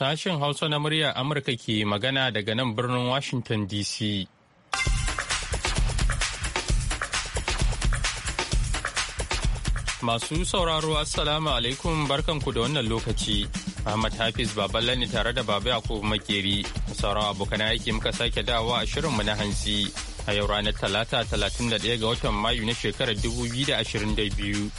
Sashen Hausa na murya Amurka ke magana daga nan birnin Washington DC. Masu sauraro Assalamu alaikum barkanku da wannan lokaci. Ahmad Hafiz Baballe ne tare da Baba Yakubu Makeri. Sauran abokan aiki muka sake dawa a shirin mu na hansi. A yau ranar Talata 31 ga watan Mayu na shekarar 2022.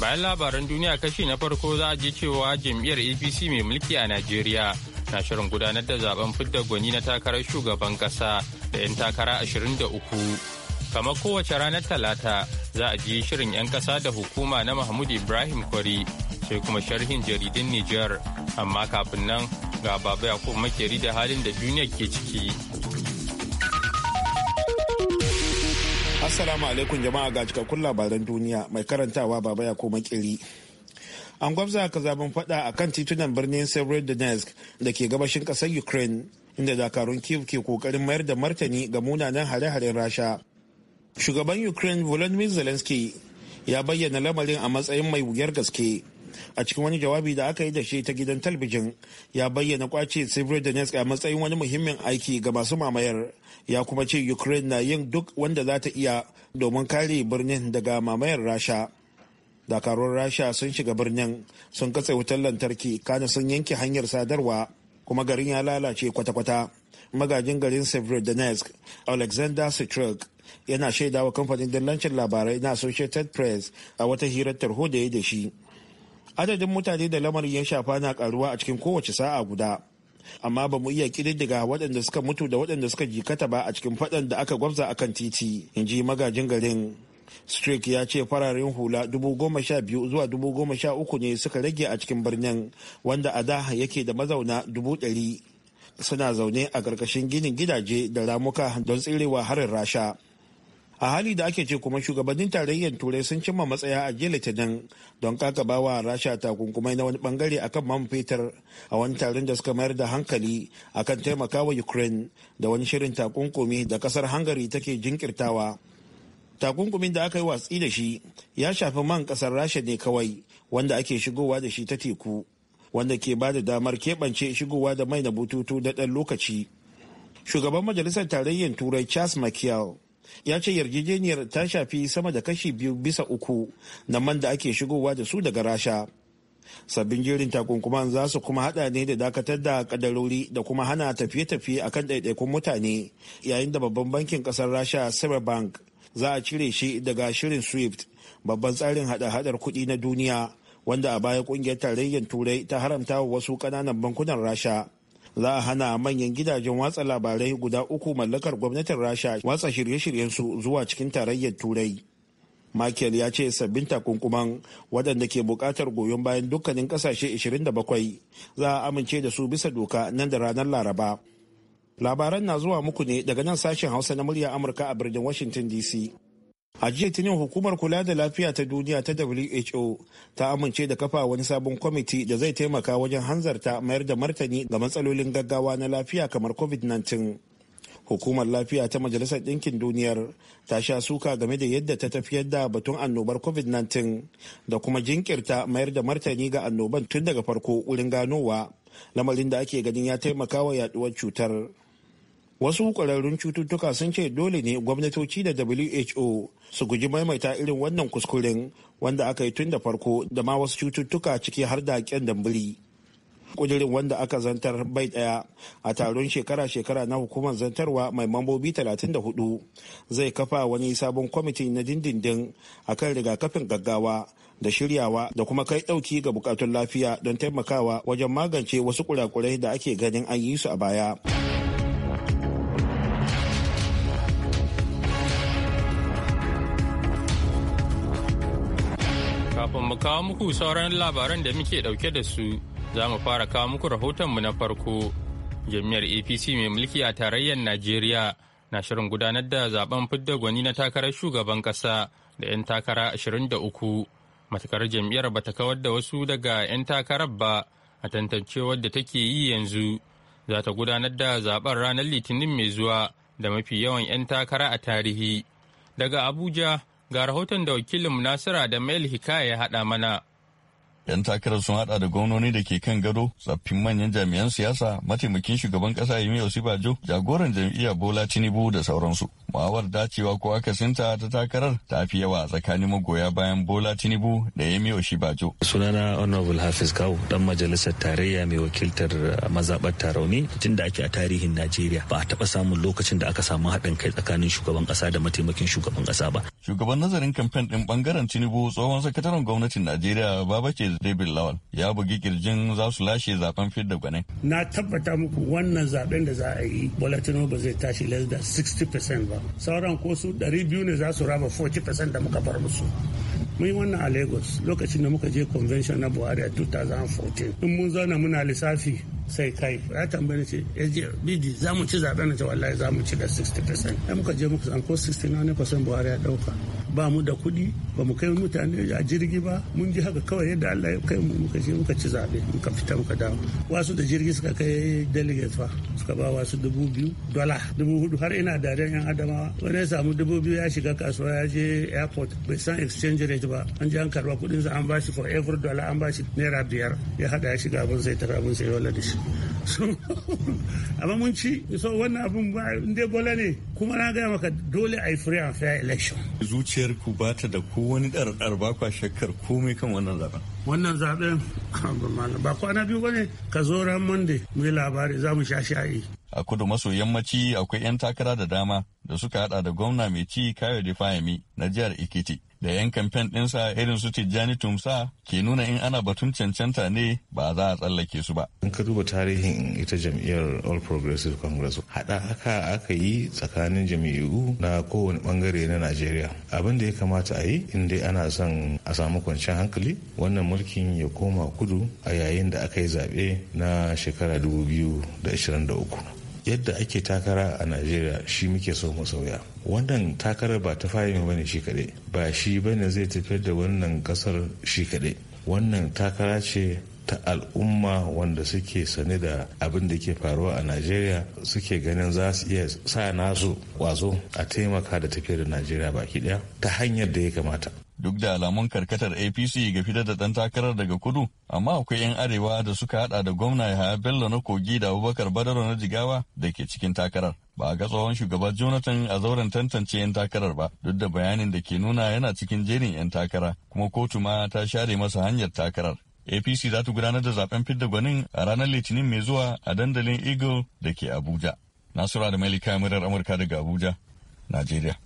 Bayan labaran duniya kashi na farko za a ji cewa jam'iyyar APC mai mulki a Najeriya na shirin gudanar da zaben fidda gwani na takarar shugaban kasa da 'yan takara 23. kamar kowace ranar talata za a ji shirin 'yan kasa da hukuma na mahmud ibrahim kwari sai kuma sharhin jaridin niger amma kafin nan ga baba yakub makeri da halin da duniya ke ciki Assalamu alaikum jama'a ga cikakkun labaran duniya mai karantawa baba ya koma kiri. An gwabza ka zaben fada a kan titunan birnin Severodonetsk da ke gabashin ƙasar Ukraine inda dakarun Kiev ke kokarin mayar da martani ga munanan hare-haren Rasha. Shugaban Ukraine Volodymyr Zelensky ya bayyana lamarin a matsayin mai wuyar gaske a cikin wani jawabi da aka yi da shi ta gidan talbijin ya bayyana kwace tsibirin donetsk a matsayin wani muhimmin aiki ga masu mamayar ya kuma ce ukraine na yin duk wanda za ta iya domin kare birnin daga mamayar rasha dakarun rasha sun shiga birnin sun katse wutar lantarki kana sun yanke hanyar sadarwa kuma garin ya lalace kwata-kwata magajin garin severodonetsk alexander sitruk yana shaidawa kamfanin dillancin labarai na associated press a wata hirar tarho da ya da shi adadin mutane da lamarin ya shafa na karuwa a cikin kowace sa'a guda amma ba mu iya kididdiga waɗanda suka mutu da waɗanda suka jikata ba a cikin faɗan da aka gwabza a kan titi in ji magajin garin streak ya ce fararen hula dubu zuwa dubu ne suka rage a cikin birnin wanda a da yake da mazauna dubu suna zaune a ƙarƙashin ginin gidaje da ramuka don tsirewa harin rasha a hali da ake ce kuma shugabannin tarayyar turai sun cimma matsaya a jiya litinin don ba wa rasha takunkumai na wani bangare akan man fetur a wani taron da suka mayar da hankali akan taimakawa ukraine da wani shirin takunkumi da kasar hungary take jinkirtawa takunkumin da aka yi watsi da shi ya shafi man kasar rasha ne kawai wanda ake shigowa da shi ta teku wanda ke ba da damar keɓance shigowa da mai na bututu da ɗan lokaci shugaban majalisar tarayyar turai charles mckiel ya ce yarjejeniyar ta shafi sama da kashi biyu bisa uku na man da ake shigowa da su daga rasha sabbin jerin takunkuman za su kuma hada ne da dakatar da kadarori da kuma hana tafiye-tafiye a kan ɗaiɗaikun mutane yayin da babban bankin ƙasar rasha bank za a cire shi daga shirin swift babban tsarin hada-hadar kuɗi na duniya wanda a baya ƙungiyar tarayyar turai ta haramta wa wasu ƙananan bankunan rasha za a hana manyan gidajen watsa labarai guda uku mallakar gwamnatin rasha watsa shirye shiryen su zuwa cikin tarayyar turai Michael ya ce sabbin takunkuman waɗanda ke buƙatar goyon bayan dukkanin ƙasashe 27 za a amince da su bisa doka nan da ranar Laraba. Labaran na zuwa muku ne daga nan sashen Hausa na murya Amurka a birnin Washington DC. A jiya Litinin hukumar kula da lafiya ta duniya ta WHO ta amince da kafa wani sabon kwamiti da zai taimaka wajen hanzarta mayar da martani ga matsalolin gaggawa na lafiya kamar COVID-19. Hukumar lafiya ta Majalisar Ɗinkin Duniyar ta sha suka game da yadda ta tafiyar da batun annobar COVID-19 da kuma jinkirta mayar da martani ga annoban tun daga farko wurin ganowa, lamarin da ake ganin ya taimaka wa yaduwar cutar. wasu kwararrun cututtuka sun ce dole ne gwamnatoci da who su guji maimaita irin wannan kuskuren wanda aka yi tun da farko da ma wasu cututtuka ciki har da kyan dambili kudirin wanda aka zantar bai daya a taron shekara-shekara na hukumar zantarwa mai mambobi 34 zai kafa wani sabon kwamiti na dindindin akan rigakafin gaggawa da shiryawa da kuma kai dauki ga bukatun lafiya don taimakawa wajen magance wasu kurakurai da ake ganin an yi su a baya. Kafin mu kawo muku sauran labaran da muke ɗauke da su, za mu fara kawo muku rahotonmu na farko. Jami'ar APC mai mulki a tarayyar Najeriya na shirin gudanar da zaben fidda gwani na takarar shugaban ƙasa da 'yan takara 23. Matakar jam'iyyar ba ta kawar da wasu daga 'yan takarar ba a tantancewar da take yi yanzu. Za ta gudanar da zaben ranar Litinin mai zuwa da mafi yawan 'yan takara a tarihi. Daga Abuja, Ga rahoton da wakilin Nasira da Mail Hikaya ya haɗa mana. 'Yan takarar sun hada da gwamnoni da ke kan gado, tsaffin manyan jami'an siyasa, mataimakin shugaban kasa Yemi Osibajo, jagoran jam'iyyar Bola Tinubu da sauransu. Mu'awar dacewa ko akasinta ta takarar ta fi yawa tsakanin magoya bayan Bola Tinubu da Yemi Osibajo. Sunana Honorable Hafiz Kawu, dan majalisar tarayya mai wakiltar mazaɓar Tarauni, tun da ake a tarihin Najeriya ba a taɓa samun lokacin da aka samu haɗin kai tsakanin shugaban kasa da mataimakin shugaban kasa ba. Shugaban nazarin kamfen din bangaren Tinubu tsohon sakataren gwamnatin Najeriya Babake David Lawal ya bugi kirjin za su lashe zaben fidda gwanin. Na tabbata muku wannan zaben da za a yi Bolatino ba zai tashi less than 60% ba. Sauran ko su biyu ne za su raba 40% da muka bar musu. mun yi wannan a lagos lokacin da muka je convention na buhari a 2014 in mun zauna muna lissafi sai kai ya tambaye ce eh, bidi za mu ci zaɓen na ce wallahi za mu ci da 60% ya muka je muka san ko 69% buhari ya ɗauka ba mu da kuɗi ba mu kai mutane a jirgi ba mun ji haka kawai yadda Allah ya kai mu muka je muka ci zaɓe muka fita muka dawo wasu da jirgi suka kai delegate fa suka ba wasu dubu biyu dola dubu hudu har ina daren yan adamawa wani ya samu dubu biyu ya shiga kasuwa ya je airport bai san exchange rate ba an ji an karɓa kuɗin sa an bashi for every dollar an shi naira biyar ya haɗa ya shiga abin sai tafi abin sai wala da shi so amma iso so wannan abin ba inda bola ne kuma na gaya maka dole a yi free and fair election zuciyar ku ba ta da ko wani ɗarɗar ba kwa shakkar komai kan wannan zaben wannan zaben ba kwana biyu bane ka zo ran monday mu labari za mu sha sha'i a kudu maso yammaci akwai 'yan takara da dama da suka hada da gwamna mai ci da Fahimi na jihar ikiti Da 'yan kamfen ɗinsa irin su Tijjani Tumsa ke nuna in ana batun cancanta ne ba za a tsallake su ba. In ka duba tarihin ita jam'iyyar All Progressive Congress haɗa haka aka yi tsakanin jam'iyyu na kowane bangare na Najeriya. Abin da ya kamata a yi in dai ana son a samu kwanciyar hankali wannan mulkin ya koma kudu a yayin da aka yi zaɓe na shekara uku. yadda ake takara a najeriya shi muke so mu sauya wannan takarar ba ta fahimi bane shi kaɗai ba shi bane zai tafiyar da wannan ƙasar shi kaɗai wannan takara ce ta al'umma wanda suke sane da abin da ke faruwa a najeriya suke ganin za su iya sa nasu kwazo a taimaka da tafiyar da najeriya baki ɗaya ta hanyar da ya kamata duk da alamun karkatar apc ga fitar da ɗan takarar daga kudu amma akwai 'yan arewa da suka hada da gwamna yahaya bello na kogi da abubakar badaro na jigawa da ke cikin takarar ba a ga tsohon shugaba jonathan a zauren tantance 'yan takarar ba duk da bayanin da ke nuna yana cikin jerin 'yan takara kuma kotu ma ta share masa hanyar takarar apc za ta gudanar da zaben fidda gwanin a ranar litinin mai zuwa a dandalin eagle da ke abuja nasura da mailika murar amurka daga abuja najeriya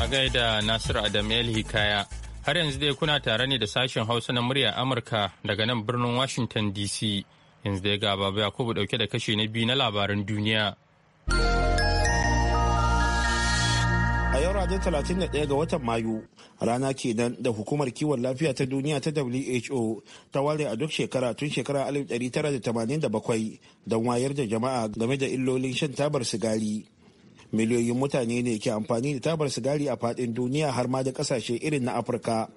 A gaida Nasiru Adam El Hikaya, har yanzu dai kuna tare ne da sashen Hausa na muryar Amurka daga nan birnin Washington DC. Yanzu dai ga Baba Yakubu dauke da kashe na biyu na labaran duniya. a yau ranar 31 ga watan mayu rana kenan da hukumar kiwon lafiya ta duniya ta who ta ware a duk shekara tun shekara 1987 don wayar da jama'a game da illolin shan tabar sigari miliyoyin mutane ne ke amfani da tabar sigari a fadin duniya har ma da kasashe irin na afirka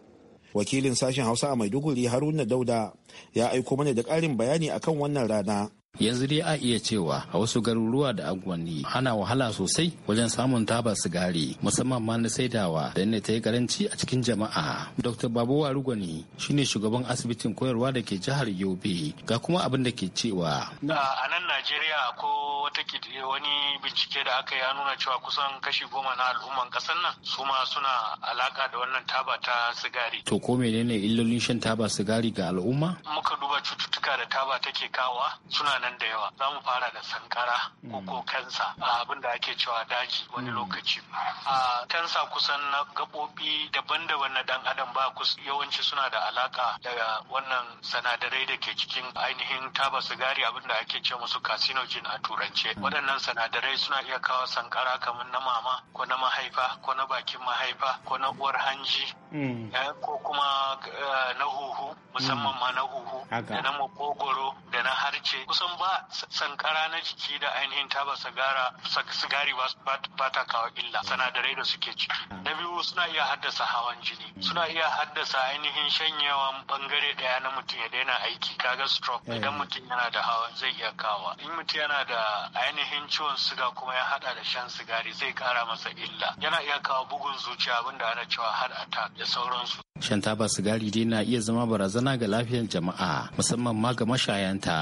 wakilin sashen hausa a maiduguri haruna dauda ya aiko mana da karin bayani akan wannan rana yanzu dai a iya cewa a wasu garuruwa da agwanni ana wahala sosai wajen samun taba sigari musamman ma na saidawa da ne ta yi karanci a cikin jama'a dr babu warugwani shine shugaban asibitin koyarwa da ke jihar yobe ga kuma abin da ke cewa a nan najeriya ko wata eh, wani bincike da aka ya nuna cewa kusan kashi goma na al'umman kasar nan su ma suna alaka da wannan taba ta sigari to ko menene illolin shan taba sigari ga al'umma muka duba cututtuka da taba take kawa suna nan da yawa za mu fara da sankara ko ko mm. kansa abin da ake cewa daji wani mm. lokaci a kansa kusan na gabobi daban-daban na dan adam ba yawanci suna da alaka daga wannan sanadarai da ke cikin ainihin taba sigari abin da ake ce musu carcinogen a turance mm. waɗannan sanadarai suna iya kawo sankara kamar na mama ko na mahaifa ko na bakin mahaifa ko na uwar hanji Mm. Eh, ko kuma eh, na huhu musamman mm. ma na huhu da na makogoro da na harce kusan ba sankara na jiki da ainihin taba sigari ba ta kawo illa sanadarai da suke ci ah. na biyu suna iya haddasa hawan jini suna iya haddasa ainihin shanyewan bangare daya na mutum ya daina aiki kaga stroke eh. idan mutum yana da hawan zai iya kawo. in mutum yana da ainihin ciwon siga kuma ya hada da shan sigari zai kara masa illa yana iya kawo bugun zuciya abinda ana cewa heart attack da sauransu. Shan taba sigari dai na iya zama barazana ga lafiyar jama'a musamman ma ga mashayanta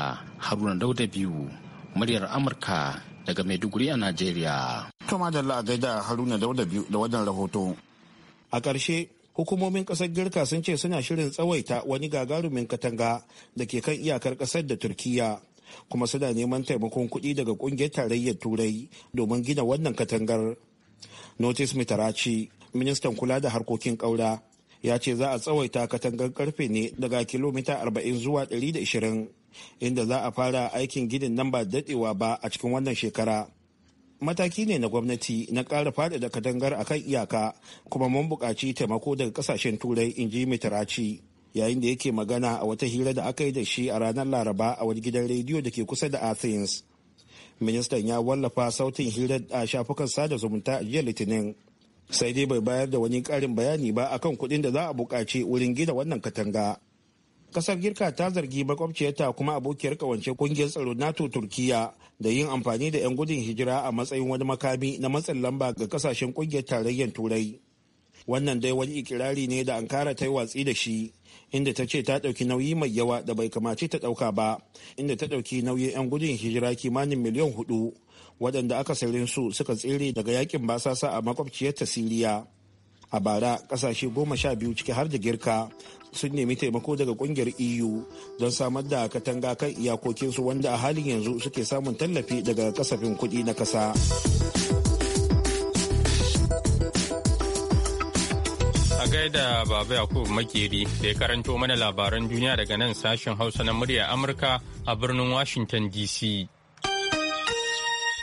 Haruna Dauda biyu muryar Amurka daga Maiduguri a nigeria. To da a gaida Haruna Dauda biyu da wannan rahoto. A ƙarshe hukumomin ƙasar Girka sun ce suna shirin tsawaita wani gagarumin katanga da ke kan iyakar ƙasar da Turkiyya. kuma suna neman taimakon kuɗi daga ƙungiyar tarayyar turai domin gina wannan katangar notice mitarachi ministan kula da harkokin ƙaura ya ce za a tsawaita katangar karfe ne daga kilomita 40 zuwa 120 inda za a fara aikin ginin nan ba daɗewa ba a cikin wannan shekara mataki ne na gwamnati na ƙara faɗaɗa katangar a kan iyaka kuma mun buƙaci taimako daga ƙasashen turai in ji mitaraci yayin da yake magana a wata hira da aka yi da shi a ranar laraba a wani gidan rediyo da ke kusa da athens ministan ya wallafa sautin hirar a shafukan sada zumunta a jiya litinin sai dai bai bayar da wani karin bayani ba akan kuɗin da za a buƙaci wurin gina wannan katanga kasar girka ta zargi makwabciyarta kuma abokiyar kawance kungiyar tsaro nato turkiya da yin amfani da 'yan gudun hijira a matsayin wani makami na matsin lamba ga kasashen kungiyar tarayyar turai wannan dai wani ikirari ne da ankara ta yi watsi da shi inda ta ce ta ɗauki nauyi mai yawa da bai kamace ta ɗauka ba inda ta ɗauki nauyin 'yan gudun hijira kimanin miliyan hudu waɗanda sarin su suka tsere daga yakin basasa a makwabciyar ta siriya a bara ƙasashe goma sha biyu ciki har da girka sun nemi taimako daga ƙungiyar eu don samar da katanga kan iyakokinsu wanda a halin yanzu suke samun tallafi daga kasafin kuɗi na ƙasa a gaida baba yakub makeri da ya karanto mana labaran duniya daga nan sashen hausa na murya amurka a birnin washington dc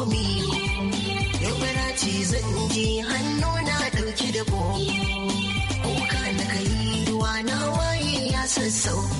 kubi yau bara zan je hannu na ɗauki da ko kuka na kai ruwa na waye ya sassauka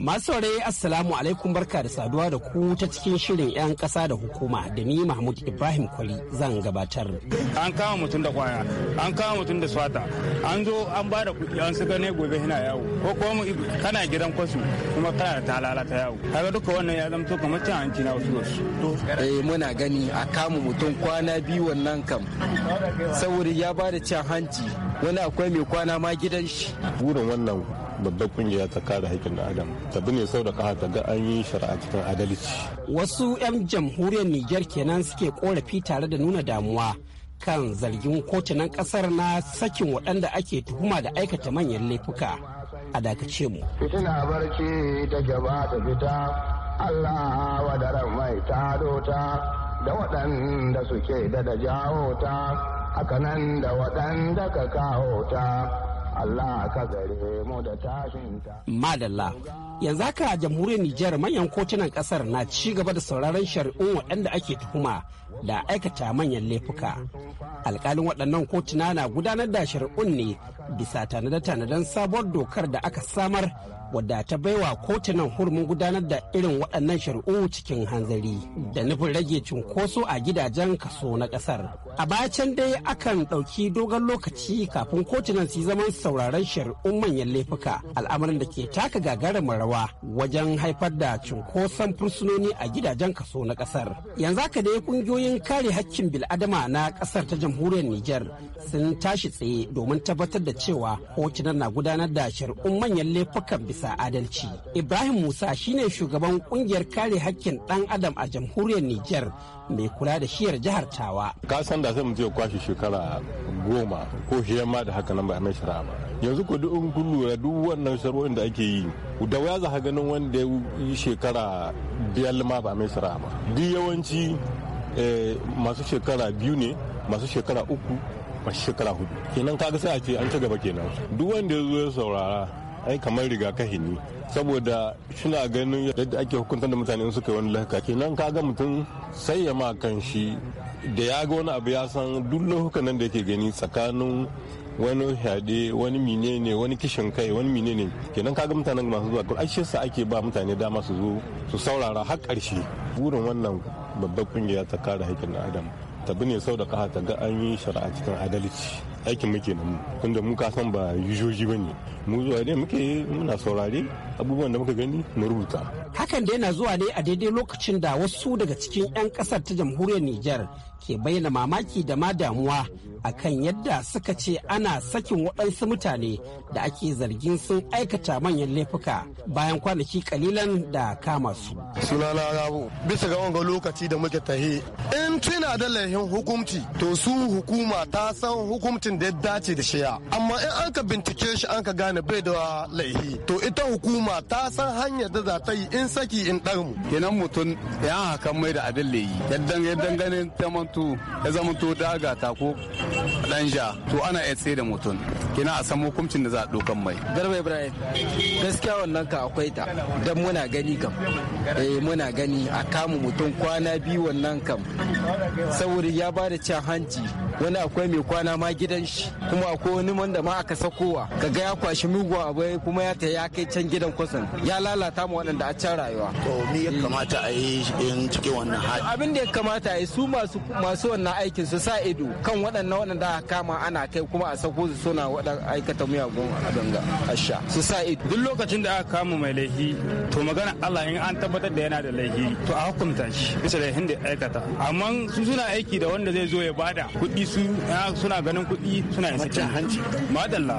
Masu saurare Assalamu alaikum barka da saduwa da ku ta cikin shirin 'yan ƙasa da hukuma da ni Mahmud Ibrahim Kwari zan gabatar. An kama mutum da kwaya, an kama mutum da swata, an zo an ba da kuɗi an su gane gobe hina yawo, ko kuma kana gidan kwasu kuma kana da talala ta yawo. Kaga duka wannan ya to kamar cin hanci na wasu wasu. Eh muna gani a kama mutum kwana biyu wannan kam. Saboda ya ba da cin hanci wani akwai mai kwana ma gidan shi. Burin wannan babbar kungiya ta kare haƙƙin adam tabi ne sau da ta ga an yi shari'a cikin adalci wasu 'yan jamhuriyar niger kenan suke korafi tare da nuna damuwa kan zargin kotunan kasar na sakin waɗanda ake tuhuma da aikata manyan laifuka a dakace mu fitina barci ta gaba ta fita allah wa daren mai ta dota da waɗanda suke da da jawo ta nan da waɗanda ka kawo ta Allah Madalla, yanzu haka jamhuriyar Nijar manyan kotunan kasar na ci gaba da sauraron shari'un waɗanda ake tuhuma da aikata manyan laifuka. Alƙalin waɗannan kotuna na gudanar da shari'un ne bisa tanada tanaden sabuwar dokar da aka samar wadda ta baiwa kotunan hurumin gudanar da irin waɗannan shari'u cikin hanzari da nufin rage cunkoso a gidajen kaso na ƙasar. A baya dai akan ɗauki dogon lokaci kafin kotunan su zaman sauraron shari'un manyan laifuka al'amarin da ke taka gagarumin rawa wajen haifar da cunkoson fursunoni a gidajen kaso na ƙasar. Yanzu haka dai ƙungiyoyin kare hakkin bil'adama na ƙasar ta jamhuriyar Nijar sun tashi tsaye domin tabbatar da cewa kotunan na gudanar da shari'un manyan laifukan bisa bisa adalci. Ibrahim Musa shine shugaban kungiyar kare hakkin ɗan adam a jamhuriyar Nijar mai kula da shiyar jihar Tawa. Ka san da zai mu je kwashi shekara goma ko shiyar ma da haka nan ba mai shara ba. Yanzu ko duk kun lura duk wannan sharuwan da ake yi da waya za ganin wanda ya yi shekara biyar ma ba mai shara ba. Duk yawanci eh, masu shekara biyu ne masu shekara uku masu shekara hudu kenan kaga sai a ce an ci gaba kenan duk wanda ya zo ya saurara ai kamar rigakafi ne saboda suna ganin yadda ake hukuntar da mutane suka yi wani lahaka kenan ka ga mutum sai ya ma kan shi da ya ga wani abu ya san duk lahukan nan da yake gani tsakanin wani haɗe wani menene wani kishin kai wani mine kenan kaga mutanen masu zuwa kuma ashe sa ake ba mutane dama su zo su saurara har ƙarshe burin wannan babbar kungiya ta kare haƙƙin adam bi ne sau da kaha ta ga an yi shari'a cikin adalci aikin muke nan mu tunda mu ka san ba yujoji bane mu zuwa ne muke muna saurari abubuwan da muka gani mu rubuta hakan da yana zuwa ne a daidai lokacin da wasu daga cikin 'yan kasar ta jamhuriyar nijar ke bayyana mamaki da ma damuwa akan yadda suka ce ana sakin waɗansu mutane da ake zargin sun aikata manyan laifuka bayan kwanaki kalilan da kama su sunana rabu bisa ga wanga lokaci da muke tahi in tuna da laihin hukumci to su hukuma ta san hukumcin da ya dace da shiya amma in an ka bincike shi an ka gane gane bai da laihi to ita hukuma ta san hanyar da za ta yi in saki in dar mu kenan mutum ya hakan mai da abin layi yadda yadda ganin tamantu ya zama to daga ta ko dan ja to ana iya tsaye da mutum kenan a san hukuncin da za a dokan mai garba ibrahim gaskiya wannan ka akwai ta dan muna gani kam eh muna gani a kama mutum kwana biyu wannan kam saboda ya ba da cin hanci wani akwai mai kwana ma gidan shi kuma akwai wani wanda ma aka sakowa ga ya kwashi mugu abai kuma ya ta ya kai can gidan kwasan ya lalata mu waɗanda a can rayuwa to me ya kamata a yi in cikin wannan hali abin da ya kamata a yi su masu masu wannan aikin su sa ido kan waɗannan waɗanda aka kama ana kai kuma a sako su suna waɗan aikata miyagun abin ga asha su sa ido duk lokacin da aka kama mai laifi to magana Allah in an tabbatar da yana da laifi to a hukunta shi bisa laifin da aikata amma su suna aiki da wanda zai zo ya bada kuɗi su suna ganin kuɗi suna yin cin hanci madalla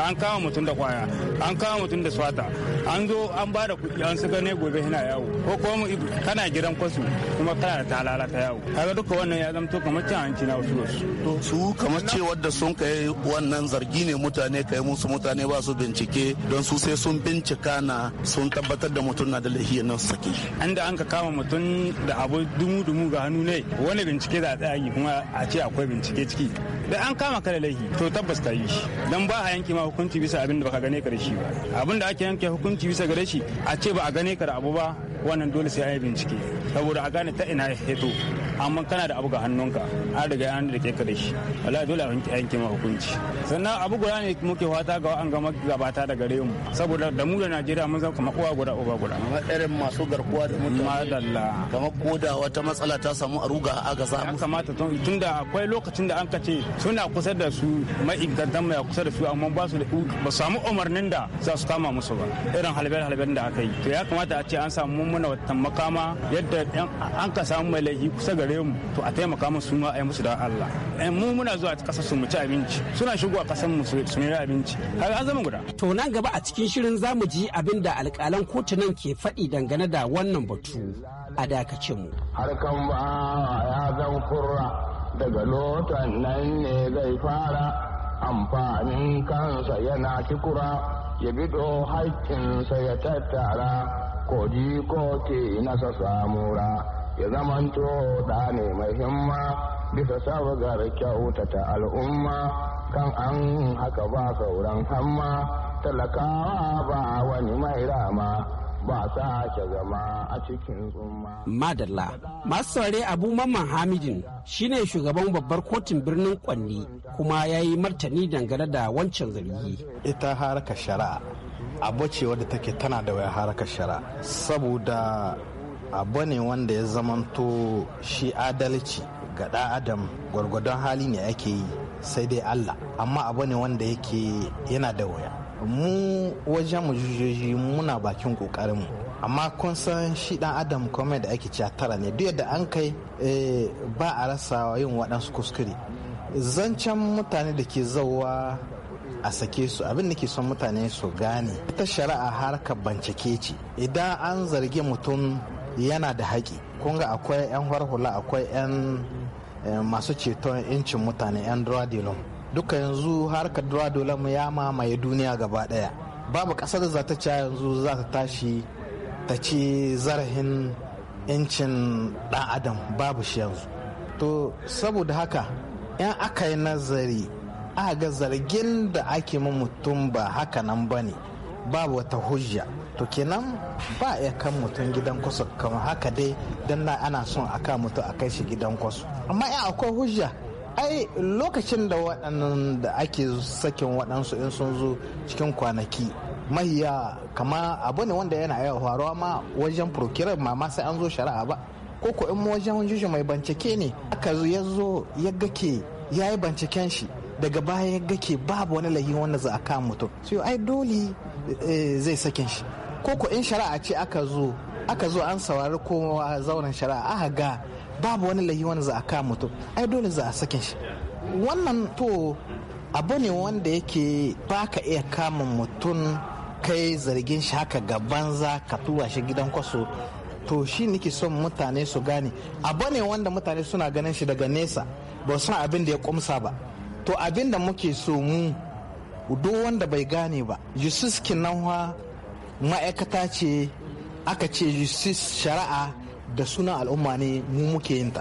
an kama mutum da kwaya an kama mutum da swata an zo an ba da kuɗi an su gane gobe yana yawo ko kuma kana gidan kwasu kuma kana da talala ta yawo kaga duka wannan ya zamto kamar cin hanci na wasu wasu su kamar ce wadda sun kai wannan zargi ne mutane kai musu mutane ba su bincike don su sai sun bincika na sun tabbatar da mutum na da lahiyar nan saki an da an ka kama mutum da abu dumu-dumu ga hannu ne wani bincike za a tsaya kuma a ce akwai bincike ciki da an kama ka da laifi to tabbas ka yi shi dan ba a yanke ma hukunci bisa abin da baka gane ka da shi ba abin da ake yanke hukunci bisa gare shi a ce ba a gane ka da abu ba wannan dole sai an yi bincike saboda a gane ta ina ya hito amma kana da abu ga hannunka an riga an rike ka da shi wallahi dole a yanke ma hukunci sannan abu guda ne muke fata ga an gama gabata da gare mu saboda da mu da Najeriya mun zama kuma uwa guda uba guda kamar irin masu garkuwa da mutane madalla kamar koda wata matsala ta samu a ruga a agaza an kamata tun tunda akwai lokacin da an ka ce suna kusa da su mai ma'aikatan mai kusa da su amma ba su da ba samu umarnin da za su kama musu ba irin halbe-halben da aka yi to ya kamata a ce an samu mana watan makama yadda an ka samu mai laifi kusa gare mu to a taimaka musu ma a yi musu da Allah eh, mu muna zuwa kasar su mu ci abinci suna shigowa kasar mu su ne abinci har an zama guda to nan gaba a cikin shirin zamu ji abin da alƙalan kotunan ke faɗi dangane da wannan batu a dakace mu kan ba ya zan kurra daga lotan nan ne zai fara amfanin kansa yana kikura ya bido haƙƙinsa ya tattara koji ko ke nasa samura ya zamanto da ne mai himma bisa sabgar kyautata al'umma kan an haka ba sauran hamma talakawa ba wani mai rama ba sake zama a cikin tsumma. Madalla, masu saurari Abu Mamman Hamidin shine shugaban babbar kotun birnin Kwanni kuma ya yi martani dangane da wancan zargi. Ita harkar shari'a abu ce wadda take tana da wayar harkar shara saboda abu ne wanda ya zamanto shi adalci ga ɗan adam gwargwadon hali ne ake yi sai dai allah amma abu ne wanda yake yana da waya mu wajen mu jujjoji muna bakin kokarinmu amma kun san shi dan adam kome da ake cewa tara ne duk da an kai eh, ba a rasa yin waɗansu kuskure zancen mutane da ke zauwa a sake su abin da ke son mutane su gane ita shari'a harkar bincike ce idan an zargi mutum yana da haƙi kunga akwai 'yan hula akwai 'yan eh, masu ceton incin mutane 'yan duradilon duka yanzu harkar duradilon ya mamaye duniya gaba daya babu ƙasar da za ta ci yanzu za ta tashi ta ci zarafin incin. ɗan adam babu shi yanzu to saboda haka 'yan aka yi nazari aka ga zargin da ake ma mutum ba haka nan ba ne babu wata hujja to kenan ba ya kan mutum gidan kwaso kamar haka dai don na ana son a ka mutum a kai shi gidan kwaso amma in akwai hujja ai lokacin da waɗannan da ake sakin waɗansu in sun zo cikin kwanaki mahiya kama abu ne wanda yana yawa faruwa ma wajen prokirar ma sai an zo shari'a ba ko ko in wajen juju mai bincike ne aka ya zo ya gake ya yi binciken shi daga baya gake babu wani lahi wanda za a kama mutum so ai dole eh, zai sakin shi ko ko in shari'a ce aka zo aka zo an saurari kowa zauren shari'a aka ga babu wani lahi wanda za a kama mutum ai dole za a sakin shi wannan to abu ne wanda yake baka iya kama mutum kai zargin shi haka gaban za ka tura shi gidan kwaso to shi nake son mutane su gane abu ne wanda mutane suna ganin shi daga nesa ba san abin da ya kumsa ba to abin da muke so mu duk wanda bai gane ba yusuf kinanwa ma'aikata ce aka ce yusuf shari'a da sunan al'umma ne mu muke yin ta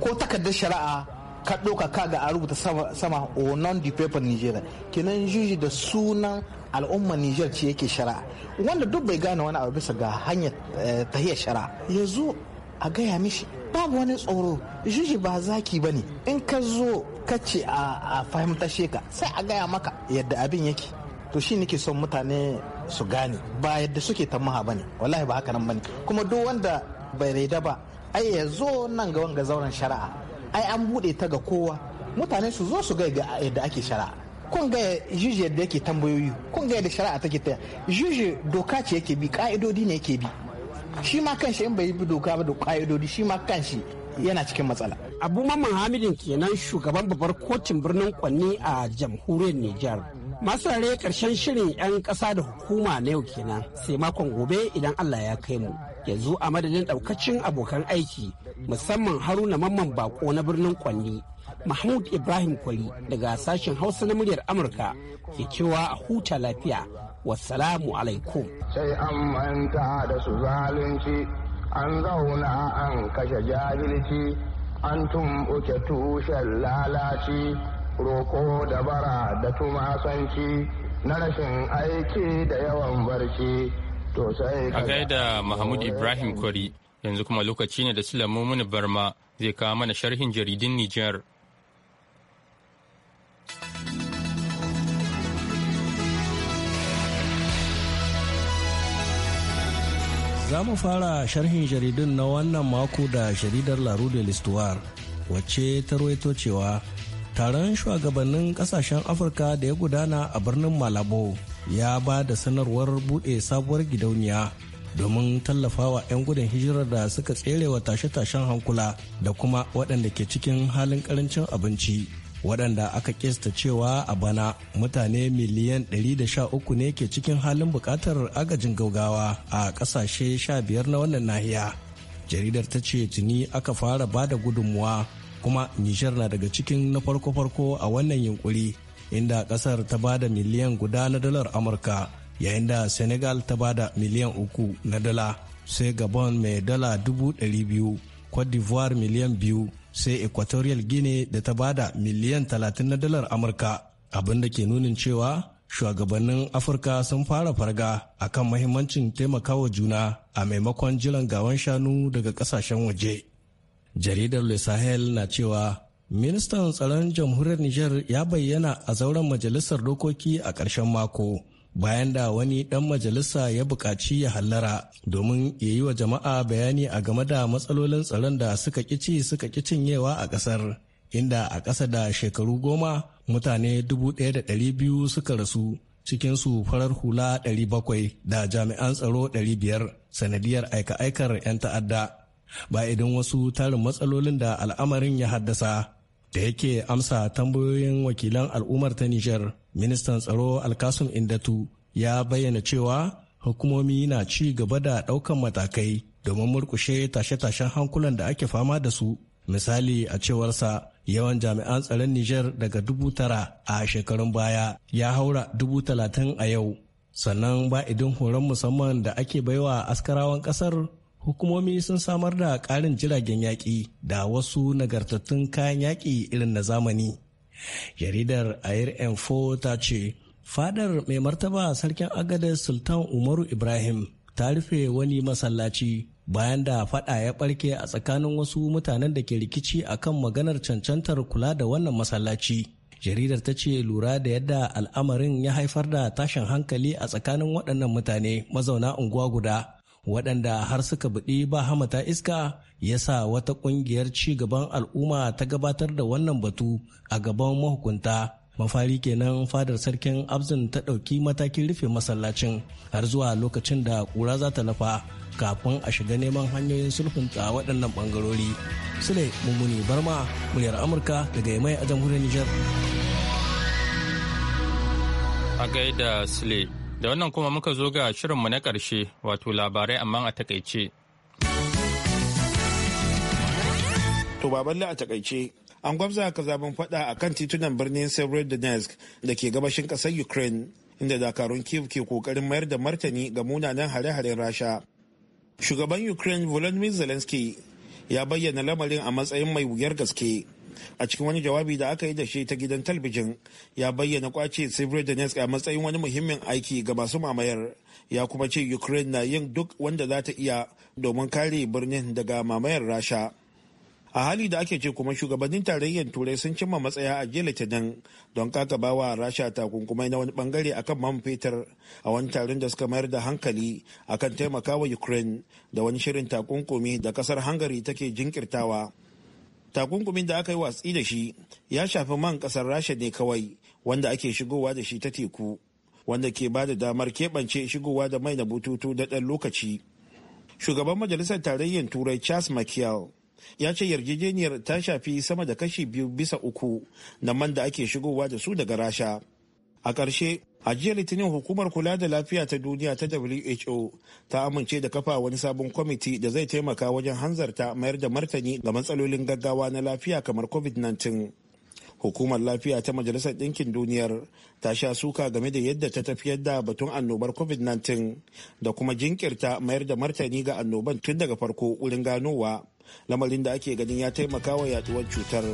ko takardar shari'a ka ɗauka ga a rubuta sama non di paper nigeria kinan juji da sunan al'ummar niger ce yake shari'a wanda duk bai gane wani abu bisa ga hanyar eh, tahiyar shari'a yanzu a gaya mishi babu wani tsoro juji ba zaki ba ne in ka zo kace a fahimta sheka sai a gaya maka yadda abin yake to shi nake son mutane su gane ba yadda suke ba ne wallahi ba haka nan ba ne kuma duk wanda bai raida ba ai ya zo nan ga wanga zauren shari'a ai an bude ta ga kowa mutane su zo su ga yadda ake shari'a kun ga juji yadda yake tambayoyi kun ga yadda shari'a take ta juji doka ce yake bi ka'idodi ne yake bi shi ma kanshi in bai bi doka ba da ka'idodi shi ma kanshi yana cikin matsala. Abu Mamman Hamidin kenan shugaban babbar kotun birnin Kwanni a jamhuriyar Nijar. Masarare karshen shirin 'yan kasa da hukuma na yau kenan sai makon gobe idan Allah ya kai mu. Yanzu a madadin daukacin abokan aiki musamman Haruna Mamman Bako na birnin Kwanni. Mahmud Ibrahim kwali daga sashen Hausa na muryar Amurka ke cewa a huta lafiya. Wassalamu alaikum. Sai an manta da su zalunci an zauna an kashe jahilci an tumɓuke tushen lalaci roko da bara da tumasanci na rashin aiki da yawan barci to sai a gaida mahmud ibrahim kwari yanzu kuma lokaci ne da silamu mini barma zai kawo mana sharhin jaridin nijar Za mu fara sharhin jaridun na wannan mako da jaridar Larude Listuwar, wacce ta rawaito cewa taron shugabannin kasashen Afirka da ya gudana a birnin Malabo ya ba da sanarwar buɗe sabuwar gidauniya domin tallafawa 'yan gudun hijirar da suka tserewa tashe-tashen hankula da kuma waɗanda ke cikin halin ƙarancin abinci. waɗanda aka kista cewa a bana mutane miliyan 113 ne ke cikin halin buƙatar agajin gaugawa a ƙasashe 15 na wannan nahiya jaridar ta ce tuni aka fara ba da gudunmuwa kuma nishar na daga cikin na farko-farko a wannan yunkuri inda ƙasar ta ba da miliyan guda na dalar amurka yayin da senegal ta ba da miliyan uku na dala sai gabon mai dala dubu ɗari d'ivoire miliyan biyu sai equatorial guinea da ta bada miliyan 30 na dalar amurka abin da ke nunin cewa shugabannin afirka sun fara farga a kan mahimmancin taimakawa juna a maimakon jiran gawan shanu daga kasashen waje jaridar le sahel na cewa ministan tsaron jamhuriyar niger ya bayyana a zauren majalisar dokoki a ƙarshen mako bayan da wani ɗan majalisa ya buƙaci ya hallara domin ya yi wa jama'a bayani a game da matsalolin tsaron da suka ƙici suka ƙi cinyewa a ƙasar inda a ƙasa da shekaru goma mutane dubu ɗaya da biyu suka rasu cikinsu farar hula bakwai da jami'an tsaro biyar sanadiyar aika-aikar 'yan ta'adda ba idan wasu tarin matsalolin da al'amarin ya haddasa da yake amsa tambayoyin wakilan al'ummar ta Nijar, ministan tsaro Alkasum Indatu ya bayyana cewa hukumomi na ci gaba da ɗaukan matakai domin murkushe tashe-tashen hankulan da ake fama da su. Misali a cewarsa yawan jami'an tsaron Nijar daga dubu tara a shekarun baya ya haura dubu talatin a yau. Sannan ba idin horon musamman da ake baiwa askarawan ƙasar hukumomi sun samar da ƙarin jiragen yaƙi da wasu nagartattun kayan yaƙi irin na zamani. Jaridar Air M4 ta ce, Fadar mai martaba sarkin agada Sultan Umaru Ibrahim ta rufe wani masallaci bayan da fada ya ɓarke a tsakanin wasu mutanen da ke rikici akan maganar cancantar kula da wannan masallaci. jaridar ta ce lura da yadda al'amarin ya haifar da tashin hankali a tsakanin waɗannan mutane mazauna unguwa guda waɗanda har suka buɗi ba hamata iska ya sa wata ƙungiyar ci gaban al'umma ta gabatar da wannan batu a gaban mahukunta mafari kenan fadar sarkin abzin ta ɗauki matakin rufe masallacin har zuwa lokacin da ƙura za ta lafa kafin a shiga neman hanyoyin sulhunta waɗannan ɓangarori sule mummuni barma muryar amurka daga yamai a jamhuriyar nijar a gaida sule Da wannan kuma muka zo ga shirinmu na ƙarshe wato labarai amma a takaice. To baballe a takaice an gwabza ka zaben faɗa a kan titunan birnin Severodonetsk da ke gabashin ƙasar Ukraine inda dakarun Kiev ke kokarin mayar da martani ga munanan hare-haren Rasha. Shugaban Ukraine Volodymyr Zelensky ya bayyana lamarin a matsayin mai wuyar gaske. a cikin wani jawabi da aka yi da shi ta gidan talbijin ya bayyana kwace Severodonetsk a matsayin wani muhimmin aiki ga masu mamayar ya kuma ce Ukraine na yin duk wanda za ta iya domin kare birnin daga mamayar Rasha. a hali da ake ce kuma shugabannin tarayyar turai sun cimma matsaya a jiya litinin don ba wa rasha takunkumai na wani bangare akan man fetur a wani taron da suka mayar da hankali akan taimakawa ukraine da wani shirin takunkumi da kasar hangari take jinkirtawa takunkumin da aka yi watsi da shi ya shafi man kasar rasha ne kawai wanda ake shigowa da shi ta teku wanda ke ba da damar keɓance shigowa da mai na bututu da ɗan lokaci shugaban majalisar tarayyar turai charles mckeel ya ce yarjejeniyar ta shafi sama da kashi biyu bisa uku na man da ake shigowa da su daga rasha a ƙarshe a jiya litinin hukumar kula da lafiya ta duniya ta who ta amince da kafa wani sabon kwamiti da zai taimaka wajen hanzarta mayar da martani ga matsalolin gaggawa na lafiya kamar covid-19 hukumar lafiya ta majalisar ɗinkin duniyar ta sha suka game da yadda ta tafiyar da batun annobar covid-19 da kuma jinkirta mayar da martani ga annoban tun daga farko wurin ganowa lamarin da ake ganin ya taimaka wa yaduwar cutar.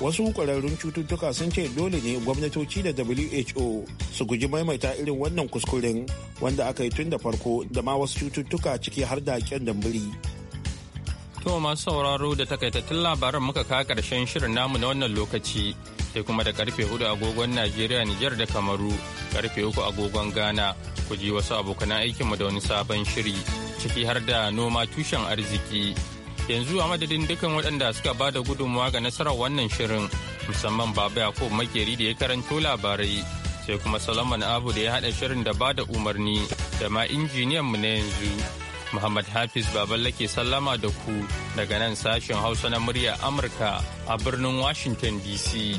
wasu kwararrun cututtuka sun ce dole ne gwamnatoci da who su guji maimaita irin wannan kuskuren wanda aka yi tun da farko da ma wasu cututtuka ciki har da kyan dambiri to masu sauraro da takaitattun labaran muka kawo karshen shirin namu na wannan lokaci sai kuma da karfe hudu agogon najeriya niger da kamaru karfe uku agogon ghana ku ji wasu abokan aikinmu da wani sabon shiri ciki har da noma tushen arziki yanzu a madadin dukkan waɗanda suka ba da gudunmawa ga nasarar wannan shirin musamman baba yakub makeri da ya karanto labarai sai kuma salaman abu da ya haɗa shirin da ba da umarni da ma injiniyan mu na yanzu muhammad hafiz baballe ke sallama da ku daga nan sashen hausa na murya amurka a birnin washington dc